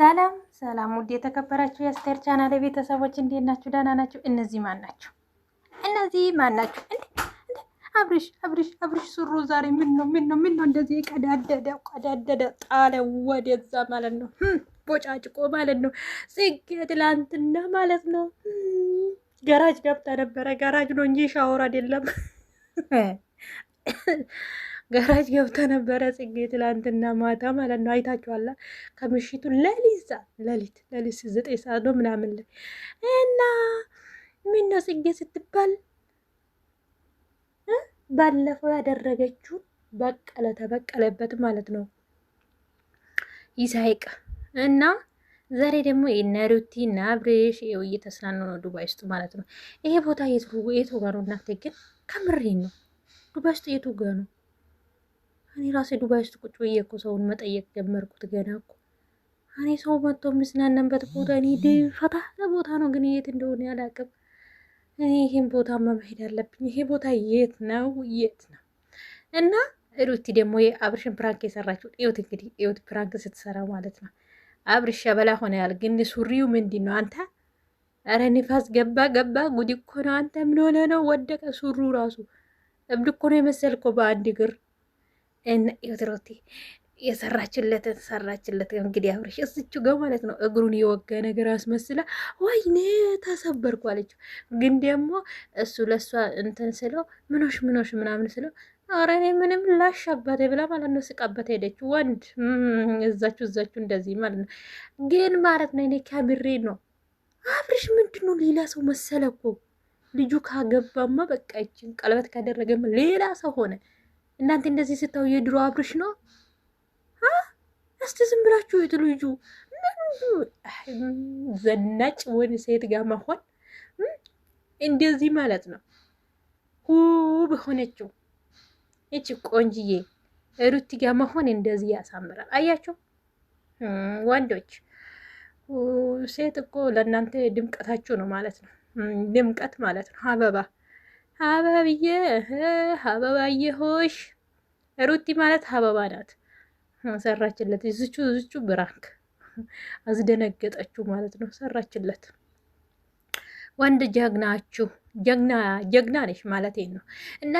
ሰላም ሰላም፣ ውድ የተከበራችሁ የአስቴር ቻናል ቤተሰቦች እንዴት ናችሁ? ደህና ናችሁ? እነዚህ ማን ናቸው? እነዚህ ማን ናቸው? አብርሽ አብርሽ አብርሽ ሱሩ ዛሬ ምን ነው ምን ነው ምን ነው እንደዚህ ቀዳደደ ቀዳደደ ጣለ ወደዛ ማለት ነው፣ ቦጫጭቆ ማለት ነው። ጽጌ ትላንትና ማለት ነው ገራጅ ገብታ ነበረ። ገራጅ ነው እንጂ ሻወር አይደለም። ገራጅ ገብታ ነበረ ጽጌ ትላንትና ማታ ማለት ነው። አይታችኋላ። ከምሽቱ ለሊዛ ለሊት ለሊት ዘጠኝ ሰዓት ነው ምናምን ላይ እና ምን ነው ጽጌ ስትባል ባለፈው ያደረገችው በቀለ ተበቀለበት ማለት ነው ይሳይቅ እና ዛሬ ደግሞ የእነ ሩቲ እና አብሬሽ ይኸው እየተስናኑ ነው ዱባይ ውስጥ ማለት ነው። ይሄ ቦታ የቱ ጋር ነው እናንተ? ግን ከምሬ ነው ዱባይ ውስጥ የቱ ጋር ነው? እኔ ራሴ ዱባይ ውስጥ ቁጭ ብዬ እኮ ሰውን መጠየቅ ጀመርኩት። ገና እኮ እኔ ሰው መጥቶ የምዝናናበት ቦታ እኔ ፈታ ቦታ ነው፣ ግን የት እንደሆነ ያላቅም። እኔ ይህን ቦታ መመሄድ አለብኝ። ይሄ ቦታ የት ነው? የት ነው? እና ሩቲ ደግሞ የአብርሽን ፕራንክ የሰራችው እዩት። እንግዲህ እዩት፣ ፕራንክ ስትሰራ ማለት ነው። አብርሽ በላ ሆነ ያል ግን ሱሪው ምንድን ነው አንተ? ኧረ ንፋስ ገባ ገባ፣ ጉድ እኮ ነው አንተ። ምን ሆነ ነው? ወደቀ ሱሩ ራሱ እብድ እኮ ነው የመሰልከው በአንድ እግር ዩትሮቲ የሰራችለትን ሰራችለት። እንግዲህ አብርሽ እስቹ ጋ ማለት ነው እግሩን የወጋ ነገር አስመስላ ወይኔ ተሰበርኩ አለችው። ግን ደግሞ እሱ ለእሷ እንትን ስለው ምኖሽ ምኖሽ ምናምን ስለው ኧረ እኔ ምንም ላሽ አባቴ ብላ ማለት ነው ስቃበት ሄደች። ወንድ እዛችሁ እዛችሁ እንደዚህ ማለት ነው። ግን ማለት ነው እኔ ከምሬ ነው አብርሽ ምንድነው ሌላ ሰው መሰለኮ። ልጁ ካገባማ በቃ ይችን ቀለበት ካደረገማ ሌላ ሰው ሆነ። እናንተ እንደዚህ ስታዩ የድሮ አብርሽ ነው። እስቲ ዝም ብላችሁ የት ልጁ ዘናጭ ወን ሴት ጋር መሆን እንደዚህ ማለት ነው። ውብ ሆነችው ይቺ ቆንጅዬ ሩቲ ጋር መሆን እንደዚህ ያሳምራል። አያቸው ወንዶች፣ ሴት እኮ ለእናንተ ድምቀታችሁ ነው ማለት ነው። ድምቀት ማለት ነው አበባ ሀበብዬ ሀበባዬ ሆሽ ሩቲ ማለት ሀበባ ናት። ሰራችለት። ዝቹ ዝቹ ብራንክ አስደነገጠችው ማለት ነው። ሰራችለት። ወንድ ጀግናችሁ ጀግና ጀግና ነሽ ማለት ነው። እና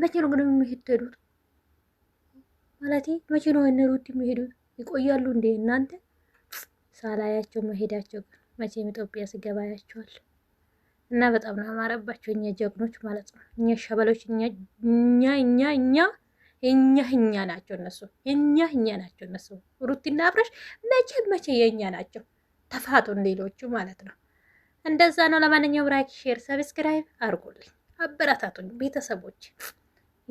መቼ ነው ግን የሚሄደዱት ማለት መቼ ነው እነ ሩቲ የሚሄዱት? ይቆያሉ እንዴ እናንተ ሳላያቸው መሄዳቸው? ግን መቼም ኢትዮጵያ ስገባ ያቸዋል። እና በጣም ነው ያማረባቸው እኛ ጀግኖች ማለት ነው። እኛ ሸበሎች እኛ እኛ እኛ እኛ እኛ ናቸው እነሱ እኛ እኛ ናቸው እነሱ ሩቲና አብረሽ መቼ መቼ የእኛ ናቸው። ተፋቱን ሌሎቹ ማለት ነው። እንደዛ ነው። ለማንኛውም ላይክ፣ ሼር፣ ሰብስክራይብ አድርጉልኝ፣ አበረታቱኝ ቤተሰቦች፣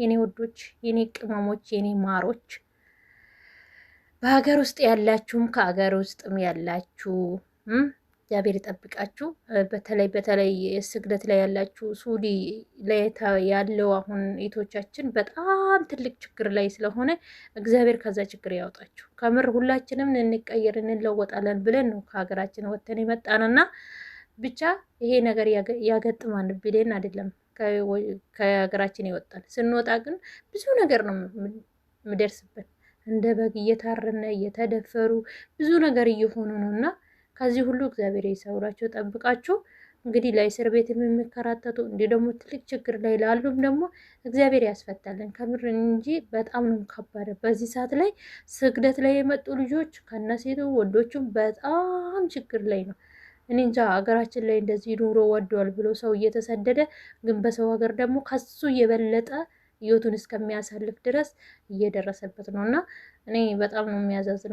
የኔ ውዶች፣ የኔ ቅመሞች፣ የኔ ማሮች በሀገር ውስጥ ያላችሁም ከሀገር ውስጥም ያላችሁ እግዚአብሔር ይጠብቃችሁ። በተለይ በተለይ ስግደት ላይ ያላችሁ ሱዲ ላይ ያለው አሁን ቤቶቻችን በጣም ትልቅ ችግር ላይ ስለሆነ እግዚአብሔር ከዛ ችግር ያወጣችሁ። ከምር ሁላችንም እንቀየር እንለወጣለን ብለን ነው ከሀገራችን ወተን የመጣንና ብቻ ይሄ ነገር ያገጥማል ብሌን አይደለም ከሀገራችን ይወጣል። ስንወጣ ግን ብዙ ነገር ነው የምደርስብን። እንደ በግ እየታረነ እየተደፈሩ ብዙ ነገር እየሆኑ ነው እና ከዚህ ሁሉ እግዚአብሔር ይሰውራቸው ጠብቃችሁ። እንግዲህ ለእስር ቤት የሚከራተቱ እንዲህ ደግሞ ትልቅ ችግር ላይ ላሉም ደግሞ እግዚአብሔር ያስፈታልን ከምር እንጂ በጣም ነው ከባድ። በዚህ ሰዓት ላይ ስግደት ላይ የመጡ ልጆች ከነሴቱ ወንዶቹም በጣም ችግር ላይ ነው። እኔ እንጃ ሀገራችን ላይ እንደዚህ ኑሮ ወደዋል ብሎ ሰው እየተሰደደ ግን በሰው ሀገር ደግሞ ከሱ የበለጠ ህይወቱን እስከሚያሳልፍ ድረስ እየደረሰበት ነው እና እኔ በጣም ነው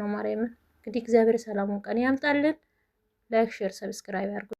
ነው። ማርያምን እንግዲህ እግዚአብሔር ሰላሙን ቀን ያምጣልን። ላይክ፣ ሼር፣ ሰብስክራይብ አድርጉ።